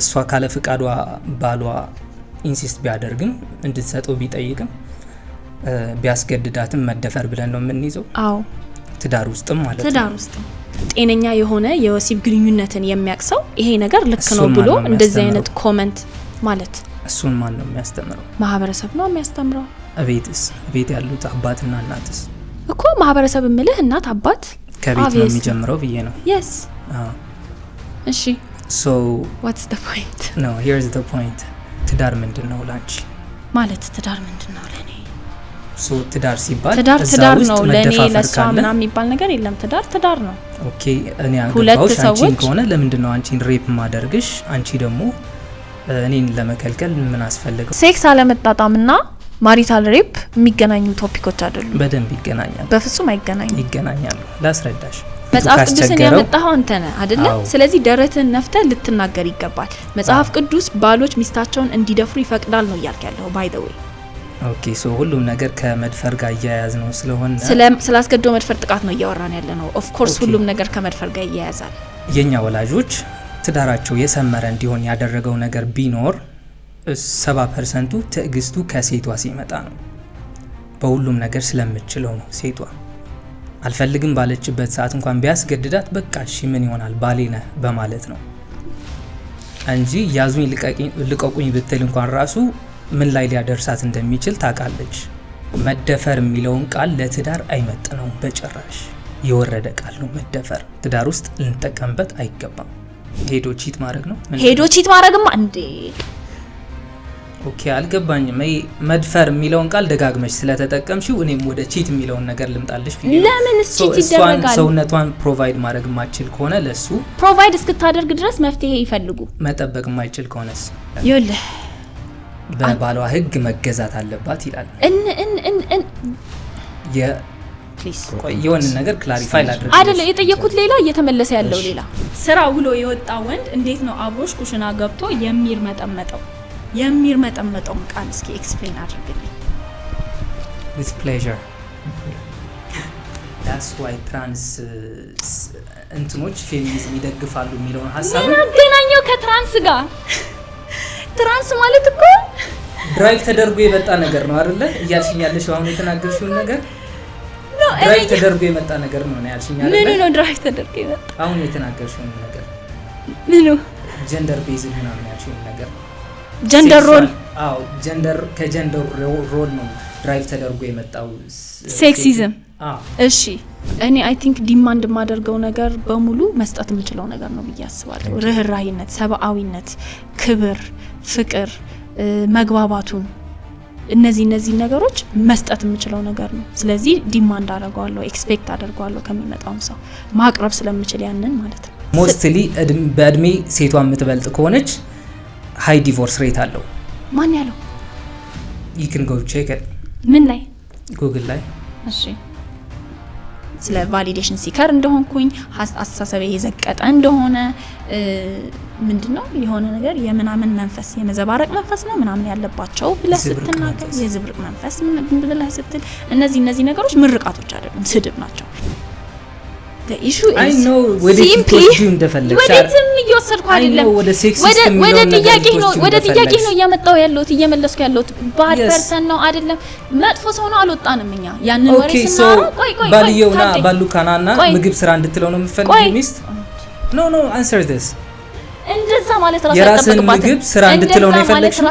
እሷ ካለ ፍቃዷ ባሏ ኢንሲስት ቢያደርግም እንድትሰጠው ቢጠይቅም ቢያስገድዳትም መደፈር ብለን ነው የምንይዘው። አዎ ትዳር ውስጥም ማለት ትዳር ውስጥም ጤነኛ የሆነ የወሲብ ግንኙነትን የሚያቅሰው ይሄ ነገር ልክ ነው ብሎ እንደዚህ አይነት ኮመንት ማለት እሱን ማን ነው የሚያስተምረው? ማህበረሰብ ነው የሚያስተምረው። እቤትስ ቤት ያሉት አባትና እናትስ እኮ ማህበረሰብ የምልህ እናት አባት ከቤት ነው የሚጀምረው ብዬ ነው። የስ እሺ ሶ ዋትስ ዘ ፖይንት ነው ሂርስ ዘ ፖይንት ትዳር ምንድን ነው ላንቺ? ማለት ትዳር ምንድን ነው ለእኔ? ሶ ትዳር ሲባል ትዳር ትዳር ነው ለእኔ፣ ለእሷ ምናምን የሚባል ነገር የለም። ትዳር ትዳር ነው። ኦኬ እኔ አንገባሁሽ አንቺን ከሆነ ለምንድን ነው አንቺን ሬፕ ማደርግሽ? አንቺ ደግሞ እኔን ለመከልከል ምን አስፈለገው? ሴክስ አለመጣጣምና ማሪታል ሬፕ የሚገናኙ ቶፒኮች አይደሉም። በደንብ ይገናኛል። በፍጹም አይገናኙ። ይገናኛሉ። ላስረዳሽ መጽሐፍ ቅዱስን ያመጣኸው አንተ ነህ አይደለ? ስለዚህ ደረትህን ነፍተህ ልትናገር ይገባል። መጽሐፍ ቅዱስ ባሎች ሚስታቸውን እንዲደፍሩ ይፈቅዳል ነው እያልክ ያለው ባይ ዘ ዌይ ኦኬ ሶ ሁሉም ነገር ከመድፈር ጋር እያያዝ ነው ስለሆነ ስለ መድፈር ጥቃት ነው እያወራን ያለ ነው። ኦፍ ኮርስ ሁሉም ነገር ከመድፈር ጋር እያያዛል። የኛ ወላጆች ትዳራቸው የሰመረ እንዲሆን ያደረገው ነገር ቢኖር 70 ፐርሰንቱ ትዕግስቱ ከሴቷ ሲመጣ ነው። በሁሉም ነገር ስለምችለው ነው ሴቷ አልፈልግም ባለችበት ሰዓት እንኳን ቢያስገድዳት በቃ እሺ ምን ይሆናል ባሌ ነህ በማለት ነው እንጂ ያዙኝ ልቀቁኝ ብትል እንኳን ራሱ ምን ላይ ሊያደርሳት እንደሚችል ታውቃለች። መደፈር የሚለውን ቃል ለትዳር አይመጥነውም በጭራሽ። የወረደ ቃል ነው መደፈር። ትዳር ውስጥ ልንጠቀምበት አይገባም። ሄዶ ቺት ማድረግ ነው ሄዶ ቺት ማድረግማ እንዴ ኦኬ አልገባኝም። መድፈር የሚለውን ቃል ደጋግመች ስለተጠቀምሽው እኔም ወደ ቺት የሚለውን ነገር ልምጣልሽ። ለምን ቺት ይደረጋል? ሰውነቷን ፕሮቫይድ ማድረግ ማችል ከሆነ ለሱ ፕሮቫይድ እስክታደርግ ድረስ መፍትሄ ይፈልጉ። መጠበቅ የማይችል ከሆነስ ይኸውልህ፣ በባሏ ህግ መገዛት አለባት ይላል። የሆነ ነገር ክላሪፋይ ላድርግ አይደለ? የጠየኩት ሌላ እየተመለሰ ያለው ሌላ። ስራ ውሎ የወጣ ወንድ እንዴት ነው አብሮሽ ኩሽና ገብቶ መጠመጠው? የሚርመጠመጠውን ቃል እስኪ ኤክስፕሌን አድርግልኝ። ዊዝ ፕሌዠር ዳስ ዋይ ትራንስ እንትኖች ፌሚኒዝም ይደግፋሉ የሚለውን ሀሳብ አገናኘው ከትራንስ ጋር? ትራንስ ማለት እኮ ድራይቭ ተደርጎ የመጣ ነገር ነው አይደለ? እያልሽኝ ያለሽው አሁን የተናገርሽውን ነገር ድራይቭ ተደርጎ የመጣ ነገር ነው ያልሽኝ አይደለ? ምን ነው ድራይቭ ተደርጎ የመጣ አሁን የተናገርሽውን ነገር ምን ነው ጀንደር ቤዝ ምናምን ያልሽውን ነገር ጀንደር ሮል ከጀንደር ሮል ነው ድራይቭ ተደርጎ የመጣው ሴክሲዝም። እሺ እኔ አይ ቲንክ ዲማንድ የማደርገው ነገር በሙሉ መስጠት የምችለው ነገር ነው ብዬ አስባለሁ። ርህራሂነት ሰብአዊነት፣ ክብር፣ ፍቅር፣ መግባባቱን እነዚህ እነዚህ ነገሮች መስጠት የምችለው ነገር ነው። ስለዚህ ዲማንድ አደርገዋለሁ፣ ኤክስፔክት አደርገዋለሁ ከሚመጣውም ሰው ማቅረብ ስለምችል ያንን ማለት ነው። ሞስትሊ በእድሜ ሴቷ የምትበልጥ ከሆነች ሀይ ዲቮርስ ሬት አለው። ማን ያለው? ይክን ጎ ቼክ ምን ላይ ጉግል ላይ እሺ። ስለ ቫሊዴሽን ሲከር እንደሆንኩኝ አስተሳሰብ የዘቀጠ እንደሆነ ምንድን ነው የሆነ ነገር የምናምን መንፈስ የመዘባረቅ መንፈስ ነው ምናምን ያለባቸው ብለህ ስትናገር የዝብርቅ መንፈስ ብለህ ስትል እነዚህ እነዚህ ነገሮች ምርቃቶች አይደሉም፣ ስድብ ናቸው። ወደትም እየወሰድኩ አይደለም። ወደ ጥያቄ ነው እያመጣሁ ያለሁት እየመለስኩ ያለሁት ባድ ፐርሰን ነው አይደለም፣ መጥፎ ሰው ነው። አልወጣንም እኛ ያንን ወሬ ስናወራ፣ ባልየውና ባሉካና እና ምግብ ስራ እንድትለው ነው የምፈልገው ሚስት ኖ ኖ አንሰር እንደዛ ማለት ራሱ ምግብ ስራ እንድትለው ነው የፈለግሽው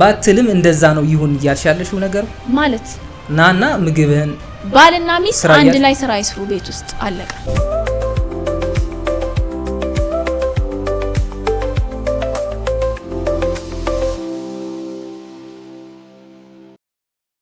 ባትልም እንደዛ ነው ይሁን እያልሽ ያለሽው ነገር ማለት ናና ምግብህን ባልና ሚስት አንድ ላይ ስራ ይስሩ ቤት ውስጥ አለቀ።